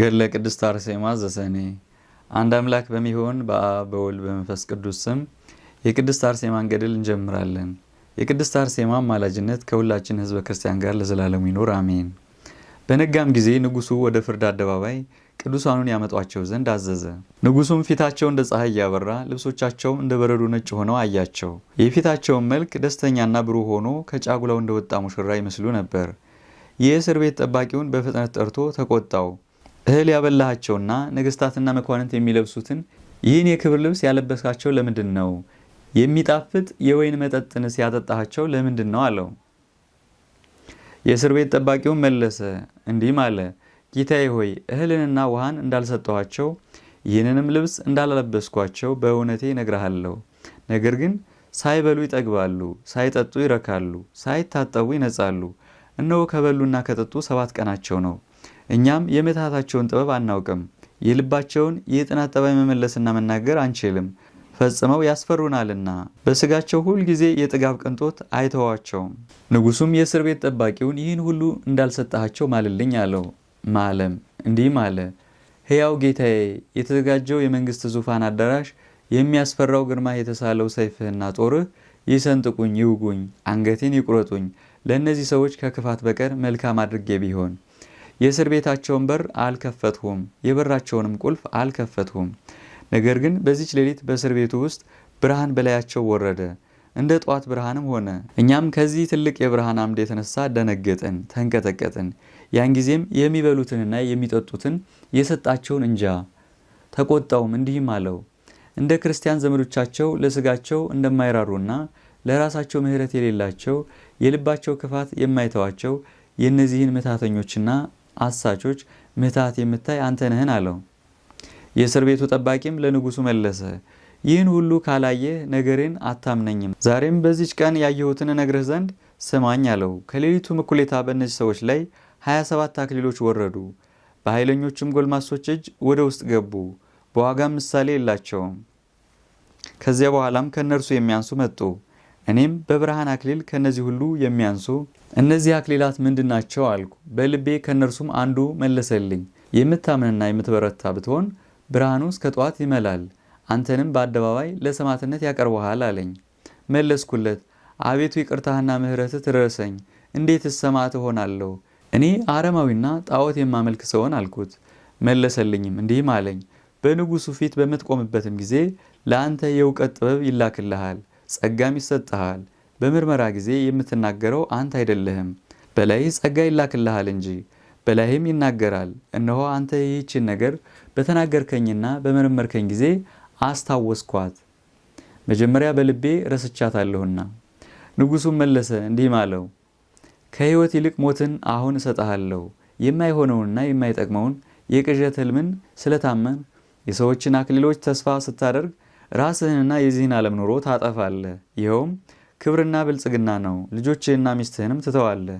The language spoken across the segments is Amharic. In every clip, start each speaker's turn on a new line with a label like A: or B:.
A: ገድለ ቅድስት አርሴማ ዘሰኔ። አንድ አምላክ በሚሆን በአብ በወልድ በመንፈስ ቅዱስ ስም የቅድስት አርሴማን ገድል እንጀምራለን። የቅድስት አርሴማ አማላጅነት ከሁላችን ሕዝበ ክርስቲያን ጋር ለዘላለሙ ይኖር አሜን። በነጋም ጊዜ ንጉሱ ወደ ፍርድ አደባባይ ቅዱሳኑን ያመጧቸው ዘንድ አዘዘ። ንጉሱም ፊታቸው እንደ ፀሐይ እያበራ ልብሶቻቸውም እንደ በረዶ ነጭ ሆነው አያቸው። የፊታቸውን መልክ ደስተኛና ብሩህ ሆኖ ከጫጉላው እንደወጣ ሙሽራ ይመስሉ ነበር። የእስር ቤት ጠባቂውን በፍጥነት ጠርቶ ተቆጣው። እህል ያበላሃቸውና ነገስታትና መኳንንት የሚለብሱትን ይህን የክብር ልብስ ያለበስካቸው ለምንድን ነው? የሚጣፍጥ የወይን መጠጥንስ ያጠጣሃቸው ለምንድን ነው አለው። የእስር ቤት ጠባቂውን መለሰ እንዲህም አለ፣ ጌታዬ ሆይ እህልንና ውሃን እንዳልሰጠኋቸው ይህንንም ልብስ እንዳላለበስኳቸው በእውነቴ እነግርሃለሁ። ነገር ግን ሳይበሉ ይጠግባሉ፣ ሳይጠጡ ይረካሉ፣ ሳይታጠቡ ይነጻሉ። እነሆ ከበሉና ከጠጡ ሰባት ቀናቸው ነው። እኛም የምትሃታቸውን ጥበብ አናውቅም። የልባቸውን የጥናት ጠባይ መመለስና መናገር አንችልም፣ ፈጽመው ያስፈሩናልና በስጋቸው ሁል ጊዜ የጥጋብ ቅንጦት አይተዋቸውም። ንጉሱም የእስር ቤት ጠባቂውን ይህን ሁሉ እንዳልሰጠሃቸው ማልልኝ አለው። ማለም እንዲህም አለ፣ ሕያው ጌታዬ የተዘጋጀው የመንግስት ዙፋን አዳራሽ የሚያስፈራው ግርማ የተሳለው ሰይፍህና ጦርህ ይሰንጥቁኝ፣ ይውጉኝ፣ አንገቴን ይቁረጡኝ። ለእነዚህ ሰዎች ከክፋት በቀር መልካም አድርጌ ቢሆን የእስር ቤታቸውን በር አልከፈትሁም፣ የበራቸውንም ቁልፍ አልከፈትሁም። ነገር ግን በዚች ሌሊት በእስር ቤቱ ውስጥ ብርሃን በላያቸው ወረደ፣ እንደ ጠዋት ብርሃንም ሆነ። እኛም ከዚህ ትልቅ የብርሃን አምድ የተነሳ ደነገጥን፣ ተንቀጠቀጥን። ያን ጊዜም የሚበሉትንና የሚጠጡትን የሰጣቸውን እንጃ ተቆጣውም፣ እንዲህም አለው እንደ ክርስቲያን ዘመዶቻቸው ለስጋቸው እንደማይራሩና ለራሳቸው ምሕረት የሌላቸው የልባቸው ክፋት የማይተዋቸው የእነዚህን ምታተኞችና አሳቾች ምታት የምታይ አንተ ነህን አለው። የእስር ቤቱ ጠባቂም ለንጉሱ መለሰ፣ ይህን ሁሉ ካላየህ ነገሬን አታምነኝም። ዛሬም በዚች ቀን ያየሁትን እነግርህ ዘንድ ስማኝ አለው። ከሌሊቱ እኩሌታ በእነዚህ ሰዎች ላይ 27 አክሊሎች ወረዱ። በኃይለኞችም ጎልማሶች እጅ ወደ ውስጥ ገቡ። በዋጋም ምሳሌ የላቸውም። ከዚያ በኋላም ከእነርሱ የሚያንሱ መጡ። እኔም በብርሃን አክሊል ከእነዚህ ሁሉ የሚያንሱ እነዚህ አክሊላት ምንድናቸው አልኩ። በልቤ ከእነርሱም አንዱ መለሰልኝ፣ የምታምንና የምትበረታ ብትሆን ብርሃኑ እስከ ጠዋት ይመላል፣ አንተንም በአደባባይ ለሰማዕትነት ያቀርበሃል አለኝ። መለስኩለት፣ አቤቱ ይቅርታህና ምሕረትህ ትረሰኝ፣ እንዴትስ ሰማዕት እሆናለሁ? እኔ አረማዊና ጣዖት የማመልክ ሰውን አልኩት። መለሰልኝም እንዲህም አለኝ፣ በንጉሱ ፊት በምትቆምበትም ጊዜ ለአንተ የእውቀት ጥበብ ይላክልሃል ጸጋም ይሰጥሃል። በምርመራ ጊዜ የምትናገረው አንተ አይደለህም፣ በላይህ ጸጋ ይላክልሃል እንጂ። በላይህም ይናገራል፣ እነሆ አንተ ይህችን ነገር በተናገርከኝና በመረመርከኝ ጊዜ አስታወስኳት፣ መጀመሪያ በልቤ ረስቻታለሁና። ንጉሡም መለሰ እንዲህም አለው፣ ከሕይወት ይልቅ ሞትን አሁን እሰጠሃለሁ። የማይሆነውንና የማይጠቅመውን የቅዠት ሕልምን ስለታመን የሰዎችን አክሊሎች ተስፋ ስታደርግ ራስህንና የዚህን ዓለም ኑሮ ታጠፋለህ። ይኸውም ክብርና ብልጽግና ነው። ልጆችህና ሚስትህንም ትተዋለህ።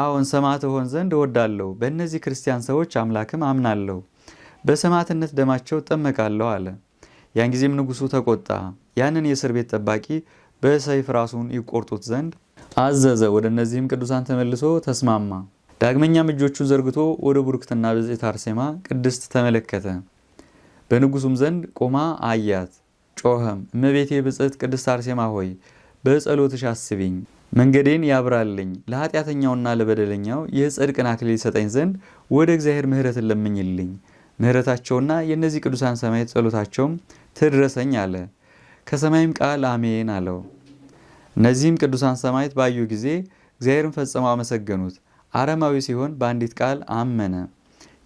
A: አዎን ሰማዕት ሆን ዘንድ እወዳለሁ። በእነዚህ ክርስቲያን ሰዎች አምላክም አምናለሁ። በሰማዕትነት ደማቸው እጠመቃለሁ አለ። ያን ጊዜም ንጉሡ ተቆጣ። ያንን የእስር ቤት ጠባቂ በሰይፍ ራሱን ይቆርጡት ዘንድ አዘዘ። ወደ እነዚህም ቅዱሳን ተመልሶ ተስማማ። ዳግመኛም እጆቹን ዘርግቶ ወደ ቡርክትና ብጽዕት አርሴማ ቅድስት ተመለከተ። በንጉሱም ዘንድ ቆማ አያት። ጮኸም። እመቤቴ ብጽሕት ቅድስት አርሴማ ሆይ በጸሎትሽ አስቢኝ፣ መንገዴን ያብራልኝ፣ ለኃጢአተኛውና ለበደለኛው የጽድቅን አክሊል ይሰጠኝ ዘንድ ወደ እግዚአብሔር ምሕረትን ለምኝልኝ፣ ምሕረታቸውና የእነዚህ ቅዱሳን ሰማዕታት ጸሎታቸውም ትድረሰኝ አለ። ከሰማይም ቃል አሜን አለው። እነዚህም ቅዱሳን ሰማዕታት ባዩ ጊዜ እግዚአብሔርን ፈጽመው አመሰገኑት። አረማዊ ሲሆን በአንዲት ቃል አመነ።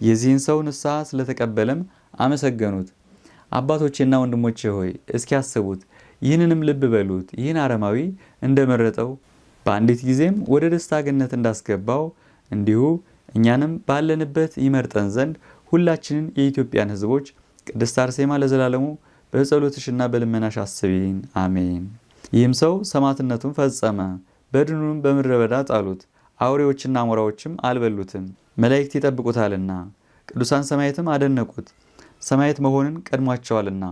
A: የዚህን ሰው ንስሐ ስለተቀበለም አመሰገኑት። አባቶቼና ወንድሞቼ ሆይ እስኪያስቡት፣ ይህንንም ልብ በሉት። ይህን አረማዊ እንደመረጠው በአንዲት ጊዜም ወደ ደስታ ገነት እንዳስገባው እንዲሁ እኛንም ባለንበት ይመርጠን ዘንድ ሁላችንን የኢትዮጵያን ሕዝቦች ቅድስት አርሴማ ለዘላለሙ በጸሎትሽና በልመናሽ አስቢን፣ አሜን። ይህም ሰው ሰማዕትነቱን ፈጸመ። በድኑንም በምድረ በዳ ጣሉት፣ አውሬዎችና አሞራዎችም አልበሉትም፣ መላእክት ይጠብቁታልና። ቅዱሳን ሰማዕታትም አደነቁት። ሰማየት መሆንን ቀድሟቸዋልና።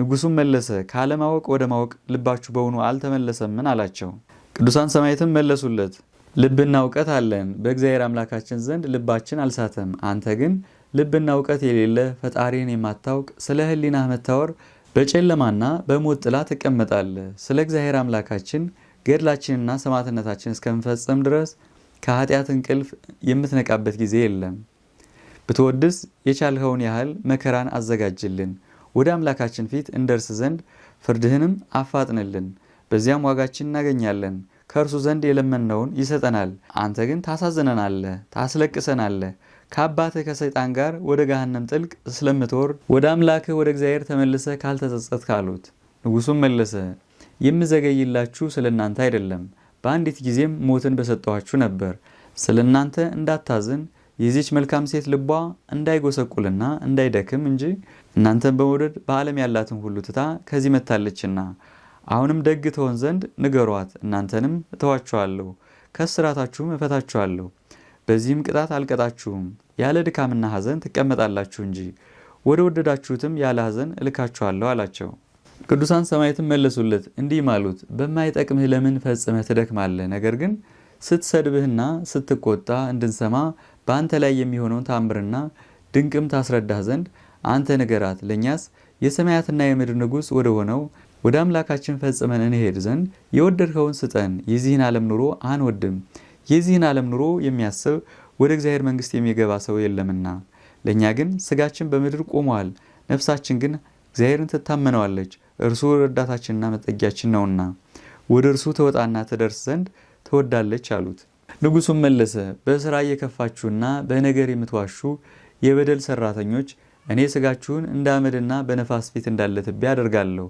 A: ንጉሱም መለሰ፣ ካለማወቅ ወደ ማወቅ ልባችሁ በውኑ አልተመለሰምን? አላቸው። ቅዱሳን ሰማየትም መለሱለት፣ ልብና እውቀት አለን፣ በእግዚአብሔር አምላካችን ዘንድ ልባችን አልሳተም። አንተ ግን ልብና እውቀት የሌለ ፈጣሪን የማታውቅ ስለ ህሊና መታወር በጨለማና በሞት ጥላ ትቀመጣለህ። ስለ እግዚአብሔር አምላካችን ገድላችንና ሰማዕትነታችን እስከምፈጸም ድረስ ከኃጢአት እንቅልፍ የምትነቃበት ጊዜ የለም። ብትወድስ የቻልኸውን ያህል መከራን አዘጋጅልን፣ ወደ አምላካችን ፊት እንደርስ ዘንድ ፍርድህንም አፋጥንልን። በዚያም ዋጋችን እናገኛለን፣ ከእርሱ ዘንድ የለመንነውን ይሰጠናል። አንተ ግን ታሳዝነናለህ፣ ታስለቅሰናለህ። ከአባትህ ከሰይጣን ጋር ወደ ገሃነም ጥልቅ ስለምትወርድ ወደ አምላክህ ወደ እግዚአብሔር ተመልሰህ ካልተጸጸትክ አሉት። ንጉሱም መለሰ፣ የምዘገይላችሁ ስለ እናንተ አይደለም፣ በአንዲት ጊዜም ሞትን በሰጠኋችሁ ነበር። ስለ እናንተ እንዳታዝን የዚች መልካም ሴት ልቧ እንዳይጎሰቁልና እንዳይደክም እንጂ እናንተን በመውደድ በዓለም ያላትን ሁሉ ትታ ከዚህ መታለችና አሁንም ደግ ትሆን ዘንድ ንገሯት። እናንተንም እተዋችኋለሁ፣ ከስራታችሁም እፈታችኋለሁ፣ በዚህም ቅጣት አልቀጣችሁም። ያለ ድካምና ሐዘን ትቀመጣላችሁ እንጂ ወደ ወደዳችሁትም ያለ ሐዘን እልካችኋለሁ አላቸው። ቅዱሳን ሰማዕታትን መለሱለት እንዲህም አሉት፣ በማይጠቅምህ ለምን ፈጽመህ ትደክማለህ? ነገር ግን ስትሰድብህና ስትቆጣ እንድንሰማ በአንተ ላይ የሚሆነውን ታምርና ድንቅም ታስረዳህ ዘንድ አንተ ንገራት፣ ለእኛስ የሰማያትና የምድር ንጉሥ ወደ ሆነው ወደ አምላካችን ፈጽመን እንሄድ ዘንድ የወደድከውን ስጠን። የዚህን ዓለም ኑሮ አንወድም። የዚህን ዓለም ኑሮ የሚያስብ ወደ እግዚአብሔር መንግሥት የሚገባ ሰው የለምና። ለእኛ ግን ስጋችን በምድር ቆመዋል፣ ነፍሳችን ግን እግዚአብሔርን ትታመነዋለች። እርሱ ረዳታችንና መጠጊያችን ነውና ወደ እርሱ ተወጣና ትደርስ ዘንድ ትወዳለች አሉት። ንጉሱም መለሰ፣ በስራ እየከፋችሁና በነገር የምትዋሹ የበደል ሰራተኞች እኔ ስጋችሁን እንደ አመድና በነፋስ ፊት እንዳለ ትቢያ አደርጋለሁ።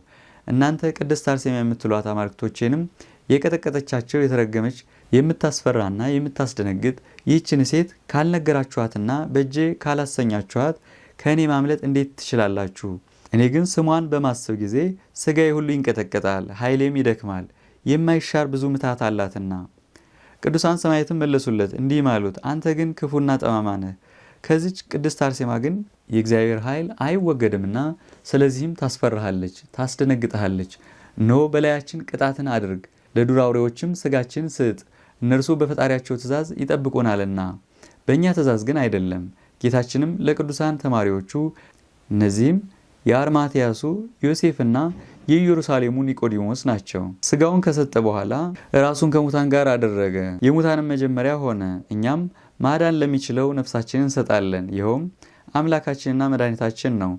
A: እናንተ ቅድስት አርሴማ የምትሏት አማልክቶቼንም የቀጠቀጠቻቸው የተረገመች የምታስፈራና የምታስደነግጥ ይህችን ሴት ካልነገራችኋትና በእጄ ካላሰኛችኋት ከእኔ ማምለጥ እንዴት ትችላላችሁ? እኔ ግን ስሟን በማሰብ ጊዜ ስጋዬ ሁሉ ይንቀጠቀጣል፣ ኃይሌም ይደክማል። የማይሻር ብዙ ምታት አላትና ቅዱሳን ሰማያትን መለሱለት እንዲህም አሉት፣ አንተ ግን ክፉና ጠማማ ነህ። ከዚች ቅድስት አርሴማ ግን የእግዚአብሔር ኃይል አይወገድምና ስለዚህም ታስፈራሃለች፣ ታስደነግጠሃለች። እነሆ በላያችን ቅጣትን አድርግ፣ ለዱር አውሬዎችም ስጋችን ስጥ፣ እነርሱ በፈጣሪያቸው ትእዛዝ ይጠብቁናልና በእኛ ትእዛዝ ግን አይደለም። ጌታችንም ለቅዱሳን ተማሪዎቹ እነዚህም የአርማትያሱ ዮሴፍና የኢየሩሳሌሙ ኒቆዲሞስ ናቸው። ስጋውን ከሰጠ በኋላ ራሱን ከሙታን ጋር አደረገ፣ የሙታንም መጀመሪያ ሆነ። እኛም ማዳን ለሚችለው ነፍሳችንን እንሰጣለን። ይኸውም አምላካችንና መድኃኒታችን ነው።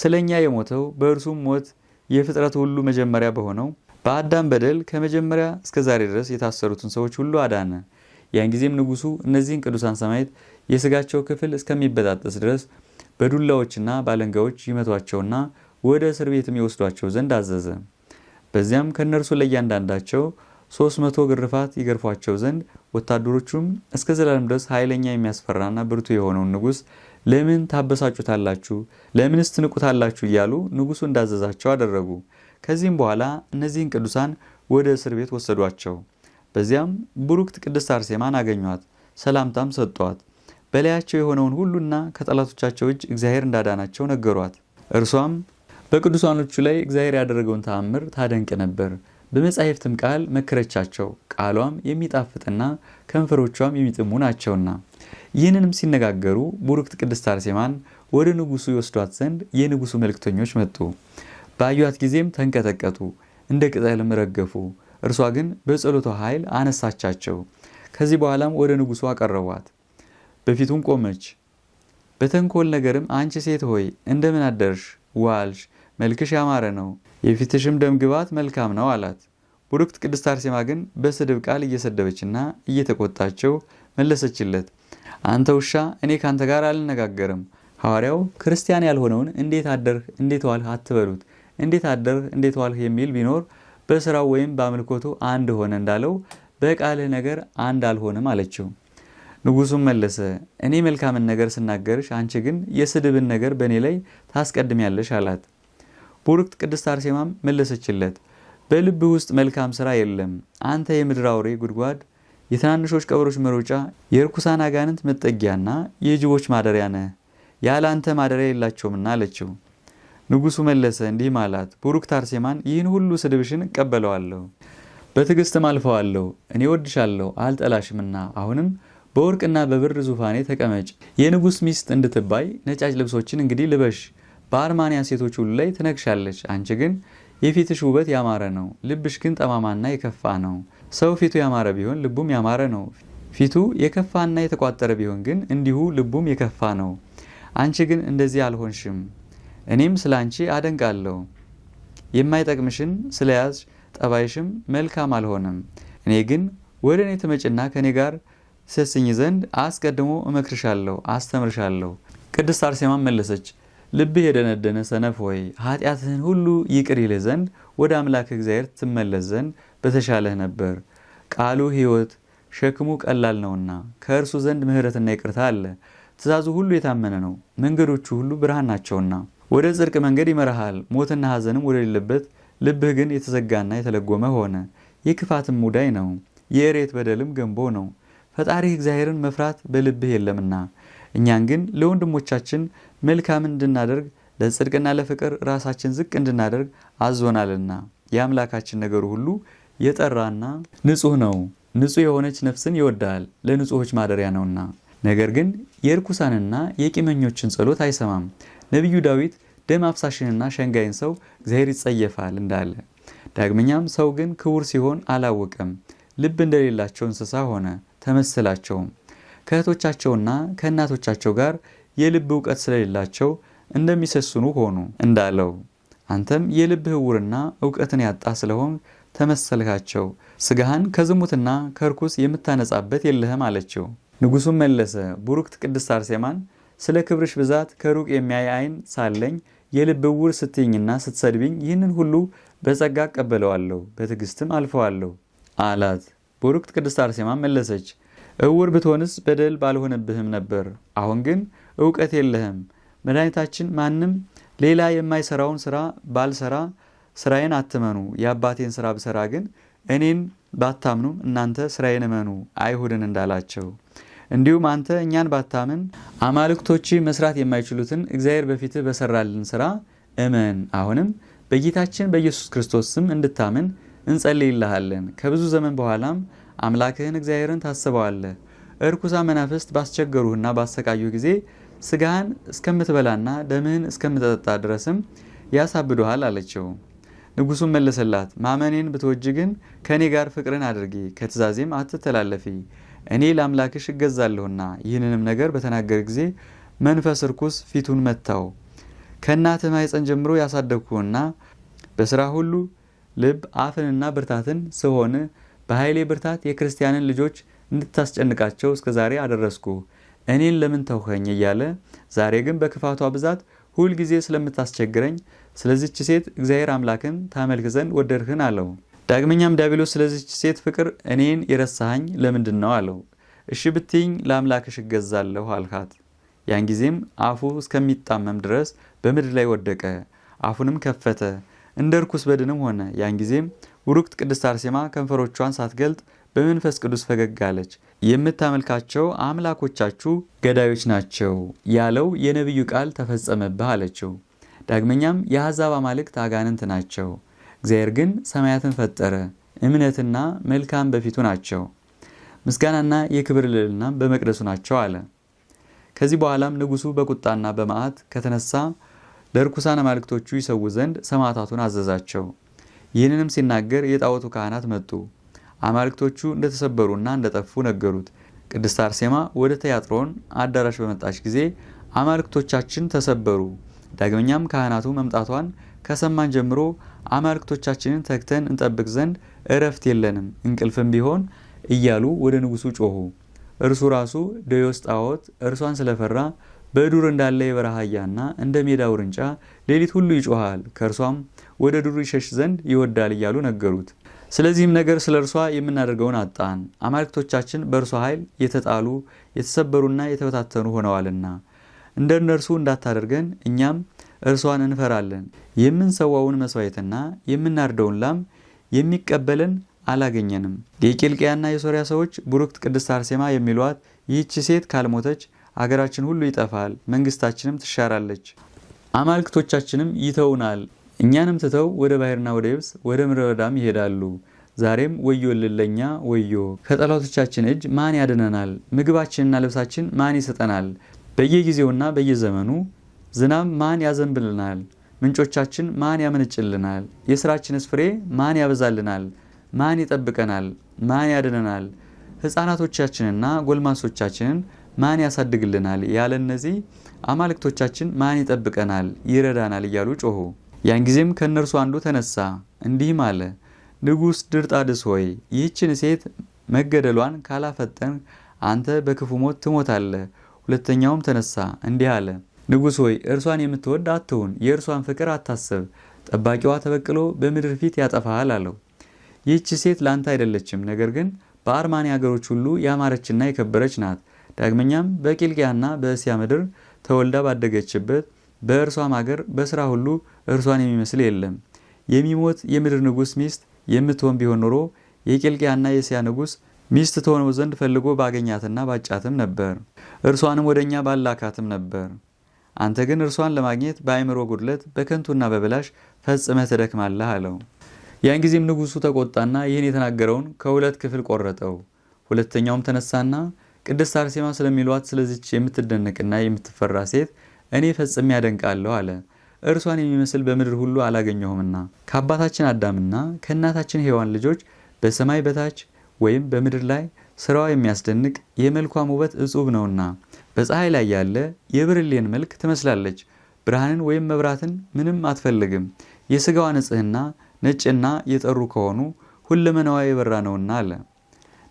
A: ስለ እኛ የሞተው በእርሱም ሞት የፍጥረት ሁሉ መጀመሪያ በሆነው በአዳም በደል ከመጀመሪያ እስከ ዛሬ ድረስ የታሰሩትን ሰዎች ሁሉ አዳነ። ያን ጊዜም ንጉሱ እነዚህን ቅዱሳን ሰማዕታት የስጋቸው ክፍል እስከሚበጣጠስ ድረስ በዱላዎችና ባለንጋዎች ይመቷቸውና ወደ እስር ቤትም ይወስዷቸው ዘንድ አዘዘ። በዚያም ከእነርሱ ለእያንዳንዳቸው 300 ግርፋት ይገርፏቸው ዘንድ ወታደሮቹም እስከ ዘላለም ድረስ ኃይለኛ የሚያስፈራና ብርቱ የሆነውን ንጉሥ ለምን ታበሳጩታላችሁ? ለምንስ ትንቁታላችሁ? እያሉ ንጉሡ እንዳዘዛቸው አደረጉ። ከዚህም በኋላ እነዚህን ቅዱሳን ወደ እስር ቤት ወሰዷቸው። በዚያም ቡሩክት ቅድስት አርሴማን አገኟት፣ ሰላምታም ሰጧት። በላያቸው የሆነውን ሁሉና ከጠላቶቻቸው እጅ እግዚአብሔር እንዳዳናቸው ነገሯት። እርሷም በቅዱሳኖቹ ላይ እግዚአብሔር ያደረገውን ተአምር ታደንቅ ነበር። በመጻሕፍትም ቃል መከረቻቸው፣ ቃሏም የሚጣፍጥና ከንፈሮቿም የሚጥሙ ናቸውና። ይህንንም ሲነጋገሩ ቡርክት ቅድስት አርሴማን ወደ ንጉሱ ይወስዷት ዘንድ የንጉሱ መልእክተኞች መጡ። ባዩት ጊዜም ተንቀጠቀጡ፣ እንደ ቅጠልም ረገፉ። እርሷ ግን በጸሎቷ ኃይል አነሳቻቸው። ከዚህ በኋላም ወደ ንጉሱ አቀረቧት። በፊቱም ቆመች። በተንኮል ነገርም አንቺ ሴት ሆይ እንደምን አደርሽ ዋልሽ፣ መልክሽ ያማረ ነው፣ የፊትሽም ግባት መልካም ነው አላት። ቡርክት ቅድስት አርሴማ ግን በስድብ ቃል እየሰደበችና እየተቆጣቸው መለሰችለት። አንተ ውሻ፣ እኔ ካንተ ጋር አልነጋገርም። ሐዋርያው ክርስቲያን ያልሆነውን እንዴት አደርህ፣ እንዴት ዋልህ አትበሉት። እንዴት አደርህ፣ እንዴት ዋልህ የሚል ቢኖር በስራው ወይም በአምልኮቱ አንድ ሆነ እንዳለው በቃልህ ነገር አንድ አልሆነም አለችው። ንጉሱም መለሰ እኔ መልካምን ነገር ስናገርሽ፣ አንቺ ግን የስድብን ነገር በእኔ ላይ ታስቀድሚያለሽ አላት። ቡርክት ቅድስት አርሴማም መለሰችለት በልብ ውስጥ መልካም ስራ የለም። አንተ የምድር አውሬ ጉድጓድ፣ የትናንሾች ቀበሮች መሮጫ፣ የርኩሳን አጋንንት መጠጊያና የጅቦች ማደሪያ ነህ። ያለ አንተ ማደሪያ የላቸውምና አለችው። ንጉሱ መለሰ እንዲህም አላት ቡርክት አርሴማን ይህን ሁሉ ስድብሽን እቀበለዋለሁ፣ በትዕግስትም አልፈዋለሁ። እኔ ወድሻለሁ አልጠላሽምና አሁንም በወርቅና በብር ዙፋኔ ተቀመጭ፣ የንጉሥ ሚስት እንድትባይ ነጫጭ ልብሶችን እንግዲህ ልበሽ። በአርማንያ ሴቶች ሁሉ ላይ ትነግሻለች። አንቺ ግን የፊትሽ ውበት ያማረ ነው፣ ልብሽ ግን ጠማማና የከፋ ነው። ሰው ፊቱ ያማረ ቢሆን ልቡም ያማረ ነው። ፊቱ የከፋና የተቋጠረ ቢሆን ግን እንዲሁ ልቡም የከፋ ነው። አንቺ ግን እንደዚህ አልሆንሽም። እኔም ስለ አንቺ አደንቃለሁ። የማይጠቅምሽን ስለያዝ ጠባይሽም መልካም አልሆነም። እኔ ግን ወደ እኔ ትመጭና ከእኔ ጋር ሰስኝ ዘንድ አስቀድሞ እመክርሻለሁ አስተምርሻለሁ። ቅድስት አርሴማን መለሰች፣ ልብህ የደነደነ ሰነፍ ሆይ ኃጢአትህን ሁሉ ይቅር ይልህ ዘንድ ወደ አምላክ እግዚአብሔር ትመለስ ዘንድ በተሻለህ ነበር። ቃሉ ሕይወት ሸክሙ ቀላል ነውና ከእርሱ ዘንድ ምሕረትና ይቅርታ አለ። ትእዛዙ ሁሉ የታመነ ነው፣ መንገዶቹ ሁሉ ብርሃን ናቸውና ወደ ጽድቅ መንገድ ይመራሃል። ሞትና ሐዘንም ወደሌለበት ልብህ ግን የተዘጋና የተለጎመ ሆነ። የክፋትም ሙዳይ ነው፣ የእሬት በደልም ገንቦ ነው። ፈጣሪ እግዚአብሔርን መፍራት በልብህ የለምና እኛን ግን ለወንድሞቻችን መልካም እንድናደርግ ለጽድቅና ለፍቅር ራሳችን ዝቅ እንድናደርግ አዞናልና የአምላካችን ነገር ሁሉ የጠራና ንጹህ ነው። ንጹህ የሆነች ነፍስን ይወዳል፣ ለንጹሆች ማደሪያ ነውና። ነገር ግን የእርኩሳንና የቂመኞችን ጸሎት አይሰማም። ነቢዩ ዳዊት ደም አፍሳሽንና ሸንጋይን ሰው እግዚአብሔር ይጸየፋል እንዳለ፣ ዳግመኛም ሰው ግን ክቡር ሲሆን አላወቀም፣ ልብ እንደሌላቸው እንስሳ ሆነ። ተመሰላቸውም። ከእህቶቻቸውና ከእናቶቻቸው ጋር የልብ እውቀት ስለሌላቸው እንደሚሰስኑ ሆኑ እንዳለው አንተም የልብ ህውርና እውቀትን ያጣ ስለሆን ተመሰልካቸው፣ ስጋህን ከዝሙትና ከርኩስ የምታነጻበት የለህም አለችው። ንጉሱም መለሰ፣ ቡሩክት ቅድስት አርሴማን ስለ ክብርሽ ብዛት ከሩቅ የሚያይ አይን ሳለኝ የልብ እውር ስትኝና ስትሰድብኝ ይህንን ሁሉ በጸጋ እቀበለዋለሁ፣ በትዕግስትም አልፈዋለሁ አላት። ቡርክት ቅድስት አርሴማ መለሰች፣ እውር ብትሆንስ በደል ባልሆነብህም ነበር። አሁን ግን እውቀት የለህም። መድኃኒታችን ማንም ሌላ የማይሰራውን ስራ ባልሰራ ስራዬን አትመኑ፣ የአባቴን ስራ ብሰራ ግን እኔን ባታምኑ እናንተ ስራዬን እመኑ አይሁድን እንዳላቸው እንዲሁም አንተ እኛን ባታምን አማልክቶች መስራት የማይችሉትን እግዚአብሔር በፊትህ በሰራልን ስራ እመን። አሁንም በጌታችን በኢየሱስ ክርስቶስ ስም እንድታምን እንጸልይልሃለን። ከብዙ ዘመን በኋላም አምላክህን እግዚአብሔርን ታስበዋለህ። እርኩሳ መናፍስት ባስቸገሩህና ባሰቃዩህ ጊዜ ስጋህን እስከምትበላና ደምህን እስከምትጠጣ ድረስም ያሳብዱሃል አለችው። ንጉሱም መለሰላት፣ ማመኔን ብትወጅ ግን ከእኔ ጋር ፍቅርን አድርጊ፣ ከትእዛዜም አትተላለፊ። እኔ ለአምላክሽ እገዛለሁና። ይህንንም ነገር በተናገረ ጊዜ መንፈስ እርኩስ ፊቱን መታው። ከእናትህ ማኅፀን ጀምሮ ያሳደግኩህና በስራ ሁሉ ልብ አፍንና ብርታትን ስሆን በኃይሌ ብርታት የክርስቲያንን ልጆች እንድታስጨንቃቸው እስከ ዛሬ አደረስኩ፣ እኔን ለምን ተውኸኝ እያለ ዛሬ ግን በክፋቷ ብዛት ሁልጊዜ ስለምታስቸግረኝ ስለዚች ሴት እግዚአብሔር አምላክን ታመልክ ዘንድ ወደድህን አለው። ዳግመኛም ዲያብሎስ ስለዚች ሴት ፍቅር እኔን የረሳኸኝ ለምንድን ነው አለው። እሺ ብትኝ ለአምላክሽ እገዛለሁ አልካት። ያን ጊዜም አፉ እስከሚጣመም ድረስ በምድር ላይ ወደቀ። አፉንም ከፈተ። እንደ ርኩስ በድንም ሆነ። ያን ጊዜም ውሩክት ቅድስት አርሴማ ከንፈሮቿን ሳትገልጥ በመንፈስ ቅዱስ ፈገግ አለች። የምታመልካቸው አምላኮቻችሁ ገዳዮች ናቸው ያለው የነቢዩ ቃል ተፈጸመብህ አለችው። ዳግመኛም የአሕዛብ አማልክት አጋንንት ናቸው፣ እግዚአብሔር ግን ሰማያትን ፈጠረ፣ እምነትና መልካም በፊቱ ናቸው፣ ምስጋናና የክብር ልዕልና በመቅደሱ ናቸው አለ። ከዚህ በኋላም ንጉሱ በቁጣና በመዓት ከተነሳ ለርኩሳን አማልክቶቹ ይሰው ዘንድ ሰማዕታቱን አዘዛቸው። ይህንንም ሲናገር የጣዖቱ ካህናት መጡ። አማልክቶቹ እንደተሰበሩና እንደጠፉ ነገሩት። ቅድስት አርሴማ ወደ ትያጥሮን አዳራሽ በመጣች ጊዜ አማልክቶቻችን ተሰበሩ፣ ዳግመኛም ካህናቱ መምጣቷን ከሰማን ጀምሮ አማልክቶቻችንን ተግተን እንጠብቅ ዘንድ እረፍት የለንም፣ እንቅልፍም ቢሆን እያሉ ወደ ንጉሱ ጮኹ። እርሱ ራሱ ደዮስ ጣዖት እርሷን ስለፈራ በዱር እንዳለ የበረሃ አህያና እንደ ሜዳ ውርንጫ ሌሊት ሁሉ ይጮሃል፣ ከእርሷም ወደ ዱር ይሸሽ ዘንድ ይወዳል እያሉ ነገሩት። ስለዚህም ነገር ስለ እርሷ የምናደርገውን አጣን። አማልክቶቻችን በእርሷ ኃይል የተጣሉ የተሰበሩና የተበታተኑ ሆነዋልና እንደ እነርሱ እንዳታደርገን እኛም እርሷን እንፈራለን። የምንሰዋውን መስዋዕትና የምናርደውን ላም የሚቀበለን አላገኘንም። የቂልቅያና የሶሪያ ሰዎች ቡሩክት ቅድስት አርሴማ የሚሏት ይህቺ ሴት ካልሞተች አገራችን ሁሉ ይጠፋል፣ መንግስታችንም ትሻራለች፣ አማልክቶቻችንም ይተውናል፣ እኛንም ትተው ወደ ባህርና ወደ የብስ ወደ ምድረ በዳም ይሄዳሉ። ዛሬም ወዮልን ለኛ ወዮ! ከጠላቶቻችን እጅ ማን ያድነናል? ምግባችንና ልብሳችን ማን ይሰጠናል? በየጊዜውና በየዘመኑ ዝናብ ማን ያዘንብልናል? ምንጮቻችን ማን ያመነጭልናል? የስራችንስ ፍሬ ማን ያበዛልናል? ማን ይጠብቀናል? ማን ያድነናል? ሕፃናቶቻችንና ጎልማሶቻችንን ማን ያሳድግልናል? ያለ እነዚህ አማልክቶቻችን ማን ይጠብቀናል? ይረዳናል? እያሉ ጮሁ። ያን ጊዜም ከእነርሱ አንዱ ተነሳ እንዲህም አለ፣ ንጉሥ ድርጣድስ ሆይ ይህችን ሴት መገደሏን ካላፈጠን አንተ በክፉ ሞት ትሞታለህ። ሁለተኛውም ተነሳ እንዲህ አለ፣ ንጉሥ ሆይ እርሷን የምትወድ አትሁን፣ የእርሷን ፍቅር አታስብ፣ ጠባቂዋ ተበቅሎ በምድር ፊት ያጠፋሃል አለው። ይህች ሴት ላንተ አይደለችም፣ ነገር ግን በአርማኒ አገሮች ሁሉ ያማረችና የከበረች ናት። ዳግመኛም በቂልቅያና በእስያ ምድር ተወልዳ ባደገችበት በእርሷም ሀገር በስራ ሁሉ እርሷን የሚመስል የለም። የሚሞት የምድር ንጉሥ ሚስት የምትሆን ቢሆን ኖሮ የቂልቅያና የእስያ ንጉሥ ሚስት ትሆነው ዘንድ ፈልጎ ባገኛትና ባጫትም ነበር፣ እርሷንም ወደ እኛ ባላካትም ነበር። አንተ ግን እርሷን ለማግኘት በአእምሮ ጉድለት በከንቱና በብላሽ ፈጽመ ትደክማለህ አለው። ያን ጊዜም ንጉሱ ተቆጣና ይህን የተናገረውን ከሁለት ክፍል ቆረጠው። ሁለተኛውም ተነሳና ቅድስት አርሴማ ስለሚሏት ስለዚች የምትደነቅና የምትፈራ ሴት እኔ ፈጽሜ ያደንቃለሁ አለ። እርሷን የሚመስል በምድር ሁሉ አላገኘሁምና ከአባታችን አዳምና ከእናታችን ሔዋን ልጆች በሰማይ በታች ወይም በምድር ላይ ስራዋ የሚያስደንቅ የመልኳም ውበት እጹብ ነውና በፀሐይ ላይ ያለ የብርሌን መልክ ትመስላለች። ብርሃንን ወይም መብራትን ምንም አትፈልግም። የስጋዋ ንጽህና ነጭና የጠሩ ከሆኑ ሁለመናዋ የበራ ነውና አለ።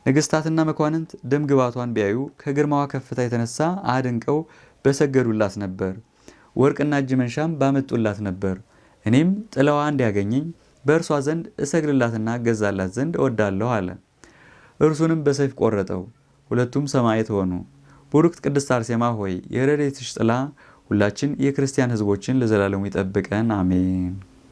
A: ንግስታትና መኳንንት ደም ግባቷን ቢያዩ ከግርማዋ ከፍታ የተነሳ አድንቀው በሰገዱላት ነበር። ወርቅና እጅ መንሻም ባመጡላት ነበር። እኔም ጥላዋ እንዲያገኘኝ በእርሷ ዘንድ እሰግድላትና እገዛላት ዘንድ እወዳለሁ አለ። እርሱንም በሰይፍ ቆረጠው። ሁለቱም ሰማዕት ሆኑ። ቡሩክት ቅድስት አርሴማ ሆይ የረድኤትሽ ጥላ ሁላችን የክርስቲያን ሕዝቦችን ለዘላለሙ ይጠብቀን፣ አሜን።